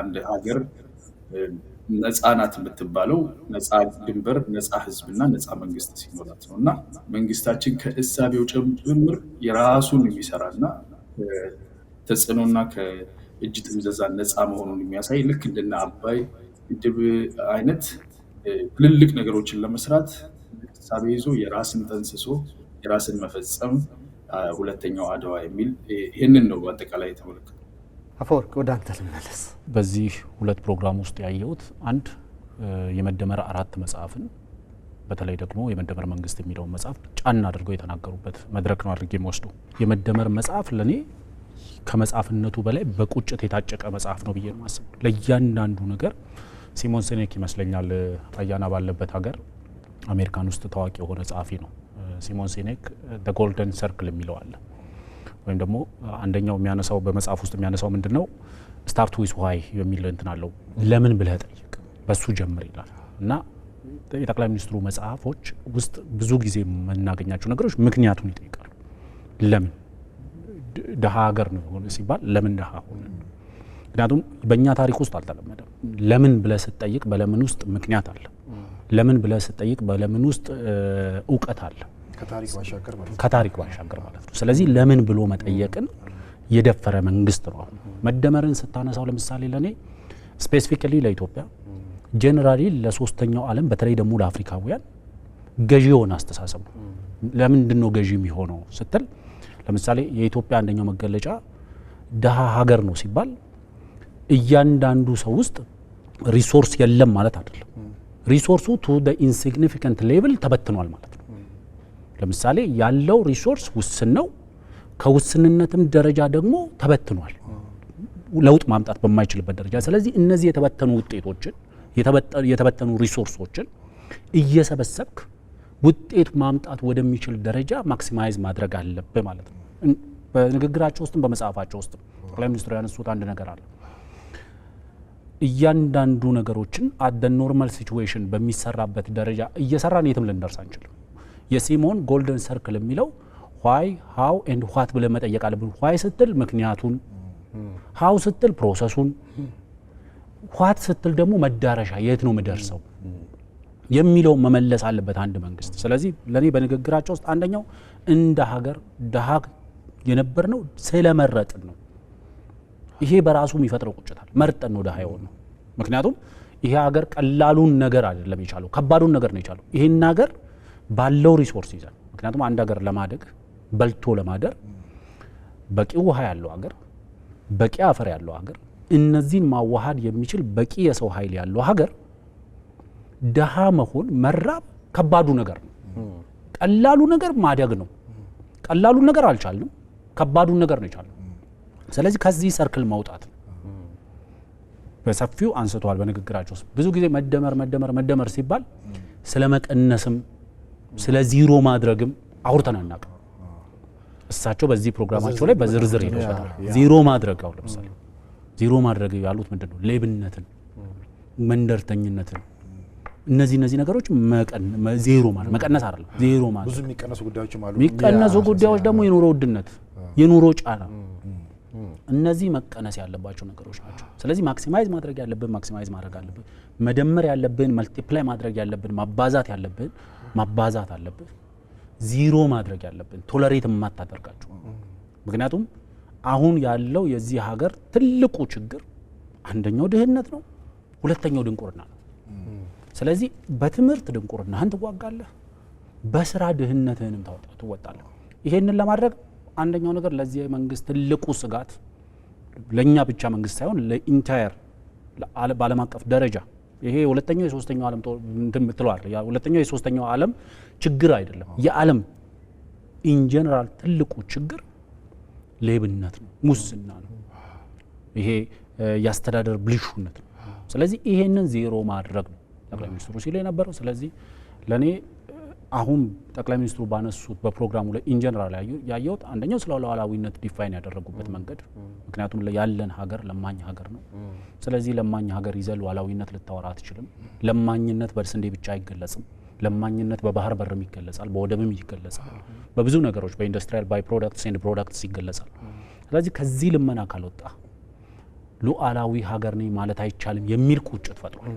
አንድ ሀገር ነፃ ናት የምትባለው ነፃ ድንበር፣ ነፃ ህዝብና ነፃ መንግስት ሲኖራት ነው። እና መንግስታችን ከእሳቤው ጭምር የራሱን የሚሰራና ተጽዕኖና ከእጅ ጥምዘዛ ነፃ መሆኑን የሚያሳይ ልክ እንደና አባይ ግድብ አይነት ትልልቅ ነገሮችን ለመስራት እሳቤ ይዞ የራስን ተንስሶ የራስን መፈጸም ሁለተኛው አድዋ የሚል ይህንን ነው በአጠቃላይ የተመለከተው። አፈወርቅ ወደ አንተ ልመለስ። በዚህ ሁለት ፕሮግራም ውስጥ ያየሁት አንድ የመደመር አራት መጽሐፍን በተለይ ደግሞ የመደመር መንግስት የሚለውን መጽሐፍ ጫና አድርገው የተናገሩበት መድረክ ነው አድርጌ የምወስደው። የመደመር መጽሐፍ ለእኔ ከመጽሐፍነቱ በላይ በቁጭት የታጨቀ መጽሐፍ ነው ብዬ ነው የማስበው። ለእያንዳንዱ ነገር ሲሞን ሲኔክ ይመስለኛል አያና ባለበት ሀገር አሜሪካን ውስጥ ታዋቂ የሆነ ጸሐፊ ነው። ሲሞን ሲኔክ ደ ጎልደን ሰርክል የሚለው አለ ወይም ደግሞ አንደኛው የሚያነሳው በመጽሐፍ ውስጥ የሚያነሳው ምንድን ነው ስታርት ዊዝ ዋይ የሚል እንትን አለው። ለምን ብለህ ጠይቅ፣ በሱ ጀምር ይላል እና የጠቅላይ ሚኒስትሩ መጽሐፎች ውስጥ ብዙ ጊዜ የምናገኛቸው ነገሮች ምክንያቱን ይጠይቃሉ። ለምን ድሀ ሀገር ነው ሲባል ለምን ድሀ ሆነ? ምክንያቱም በእኛ ታሪክ ውስጥ አልተለመደም። ለምን ብለህ ስትጠይቅ በለምን ውስጥ ምክንያት አለ። ለምን ብለህ ስትጠይቅ በለምን ውስጥ እውቀት አለ። ከታሪክ ባሻገር ማለት ነው። ስለዚህ ለምን ብሎ መጠየቅን የደፈረ መንግስት ነው። አሁን መደመርን ስታነሳው ለምሳሌ ለእኔ ስፔሲፊካሊ ለኢትዮጵያ ጀነራሊ ለሶስተኛው ዓለም በተለይ ደግሞ ለአፍሪካውያን ገዢ የሆነ አስተሳሰብ ነው። ለምንድን ነው ገዢ የሚሆነው ስትል ለምሳሌ የኢትዮጵያ አንደኛው መገለጫ ድሀ ሀገር ነው ሲባል እያንዳንዱ ሰው ውስጥ ሪሶርስ የለም ማለት አይደለም። ሪሶርሱ ቱ ኢንሲግኒፊካንት ሌቭል ተበትኗል ማለት ነው። ለምሳሌ ያለው ሪሶርስ ውስን ነው። ከውስንነትም ደረጃ ደግሞ ተበትኗል፣ ለውጥ ማምጣት በማይችልበት ደረጃ። ስለዚህ እነዚህ የተበተኑ ውጤቶችን የተበተኑ ሪሶርሶችን እየሰበሰብክ ውጤት ማምጣት ወደሚችል ደረጃ ማክሲማይዝ ማድረግ አለብህ ማለት ነው። በንግግራቸው ውስጥም በመጽሐፋቸው ውስጥም ጠቅላይ ሚኒስትሩ ያነሱት አንድ ነገር አለ። እያንዳንዱ ነገሮችን አደ ኖርማል ሲትዌሽን በሚሰራበት ደረጃ እየሰራን የትም ልንደርስ አንችልም። የሲሞን ጎልደን ሰርክል የሚለው ዋይ ሀው ኤንድ ዋት ብለን መጠየቅ አለብን። ዋይ ስትል ምክንያቱን፣ ሀው ስትል ፕሮሰሱን፣ ዋት ስትል ደግሞ መዳረሻ የት ነው የምደርሰው የሚለው መመለስ አለበት አንድ መንግስት። ስለዚህ ለእኔ በንግግራቸው ውስጥ አንደኛው እንደ ሀገር ደሀ የነበር ነው ስለመረጥን ነው። ይሄ በራሱ የሚፈጥረው ቁጭታል። መርጠን ነው ደሀ የሆን ነው። ምክንያቱም ይሄ ሀገር ቀላሉን ነገር አይደለም የቻለው፣ ከባዱን ነገር ነው የቻለው። ይሄን ሀገር ባለው ሪሶርስ ይዘን ምክንያቱም አንድ ሀገር ለማደግ በልቶ ለማደር በቂ ውሃ ያለው ሀገር፣ በቂ አፈር ያለው ሀገር፣ እነዚህን ማዋሃድ የሚችል በቂ የሰው ኃይል ያለው ሀገር ደሃ መሆን መራብ ከባዱ ነገር ነው። ቀላሉ ነገር ማደግ ነው። ቀላሉ ነገር አልቻልንም፣ ከባዱን ነገር ነው የቻልነው። ስለዚህ ከዚህ ሰርክል መውጣት በሰፊው አንስተዋል በንግግራቸው ውስጥ ብዙ ጊዜ መደመር መደመር መደመር ሲባል ስለ መቀነስም ስለ ዚሮ ማድረግም አውርተን አናውቅም። እሳቸው በዚህ ፕሮግራማቸው ላይ በዝርዝር ይደውበታል። ዚሮ ማድረግ አሁን ለምሳሌ ዚሮ ማድረግ ያሉት ምንድን ነው? ሌብነትን፣ መንደርተኝነትን እነዚህ እነዚህ ነገሮች ዜሮ ማለት መቀነስ አይደለም። ዜሮ ማለት የሚቀነሱ ጉዳዮችም አሉ። የሚቀነሱ ጉዳዮች ደግሞ የኑሮ ውድነት፣ የኑሮ ጫና፣ እነዚህ መቀነስ ያለባቸው ነገሮች ናቸው። ስለዚህ ማክሲማይዝ ማድረግ ያለብን ማክሲማይዝ ማድረግ አለብን። መደመር ያለብን መልቲፕላይ ማድረግ ያለብን ማባዛት ያለብን ማባዛት አለብን። ዚሮ ማድረግ ያለብን ቶለሬት የማታደርጋቸው ምክንያቱም አሁን ያለው የዚህ ሀገር ትልቁ ችግር አንደኛው ድህነት ነው፣ ሁለተኛው ድንቁርና ነው። ስለዚህ በትምህርት ድንቁርናህን ትዋጋለህ፣ በስራ ድህነትህንም ትወጣለህ። ይሄንን ለማድረግ አንደኛው ነገር ለዚህ መንግስት ትልቁ ስጋት ለእኛ ብቻ መንግስት ሳይሆን ለኢንታየር በዓለም አቀፍ ደረጃ ይሄ ሁለተኛው የሶስተኛው ዓለም እንደምትለዋል ሁለተኛው የሶስተኛው ዓለም ችግር አይደለም። የዓለም ኢንጀነራል ትልቁ ችግር ሌብነት ነው፣ ሙስና ነው፣ ይሄ የአስተዳደር ብልሹነት ነው። ስለዚህ ይሄንን ዜሮ ማድረግ ነው ጠቅላይ ሚኒስትሩ ሲሉ የነበረው። ስለዚህ ለእኔ አሁን ጠቅላይ ሚኒስትሩ ባነሱት በፕሮግራሙ ላይ ኢንጀነራል ያየሁት አንደኛው ስለ ሉዓላዊነት ዲፋይን ያደረጉበት መንገድ፣ ምክንያቱም ያለን ሀገር ለማኝ ሀገር ነው። ስለዚህ ለማኝ ሀገር ይዘ ሉዓላዊነት ልታወራ አትችልም። ለማኝነት በስንዴ ብቻ አይገለጽም። ለማኝነት በባህር በርም ይገለጻል፣ በወደብም ይገለጻል፣ በብዙ ነገሮች በኢንዱስትሪያል ባይ ፕሮዳክትስ ኤንድ ፕሮዳክትስ ይገለጻል። ስለዚህ ከዚህ ልመና ካልወጣ ሉዓላዊ ሀገር ነኝ ማለት አይቻልም የሚል ቁጭት ፈጥሯል።